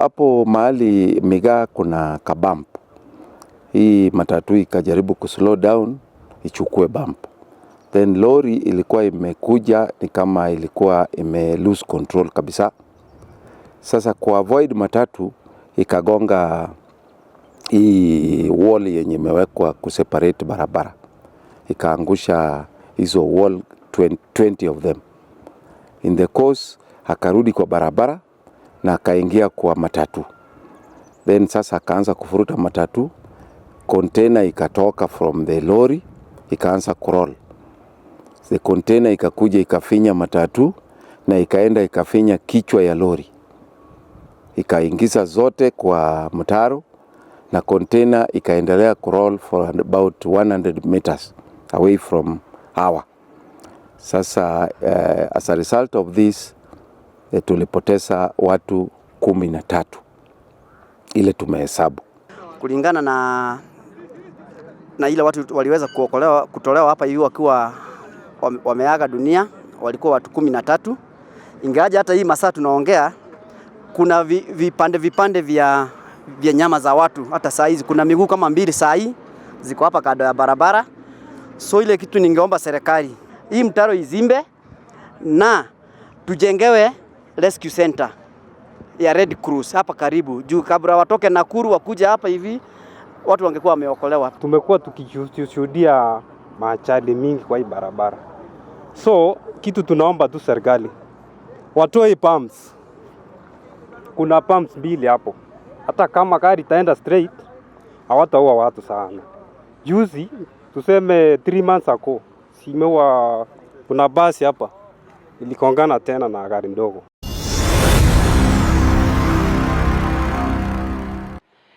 hapo mahali Migaa kuna kabamp. Hii matatu ikajaribu kuslow down ichukue bump, then lori ilikuwa imekuja, ni kama ilikuwa ime lose control kabisa. Sasa ku avoid matatu ikagonga hii wall yenye imewekwa separate barabara, ikaangusha hizo wall 20 of them in the course, akarudi kwa barabara na akaingia kwa matatu, then sasa akaanza kufuruta matatu, container ikatoka from the lori ikaanza kuroll. The container ikakuja ikafinya matatu na ikaenda ikafinya kichwa ya lori ikaingiza zote kwa mtaro na container ikaendelea kuroll for about 100 meters away from our. Sasa uh, as a result of this e, tulipoteza watu kumi na tatu ile tumehesabu kulingana na, na ile watu waliweza kuokolewa kutolewa hapa hivi wakiwa wameaga dunia walikuwa watu kumi na tatu. Ingawaje hata hii masaa tunaongea kuna vi, vipande vipande vya, vya nyama za watu. Hata saa hizi kuna miguu kama mbili saa hii ziko hapa kando ya barabara, so ile kitu ningeomba serikali hii mtaro izimbe na tujengewe rescue center ya Red Cross hapa karibu, juu kabla watoke Nakuru wakuja hapa hivi watu wangekuwa wameokolewa. Tumekuwa tukishuhudia machali mingi kwa hii barabara, so kitu tunaomba tu serikali watoe pumps. Kuna pumps mbili hapo, hata kama gari itaenda straight hawataua watu sana. Juzi tuseme 3 months ago simewa, kuna basi hapa ilikongana tena na gari ndogo.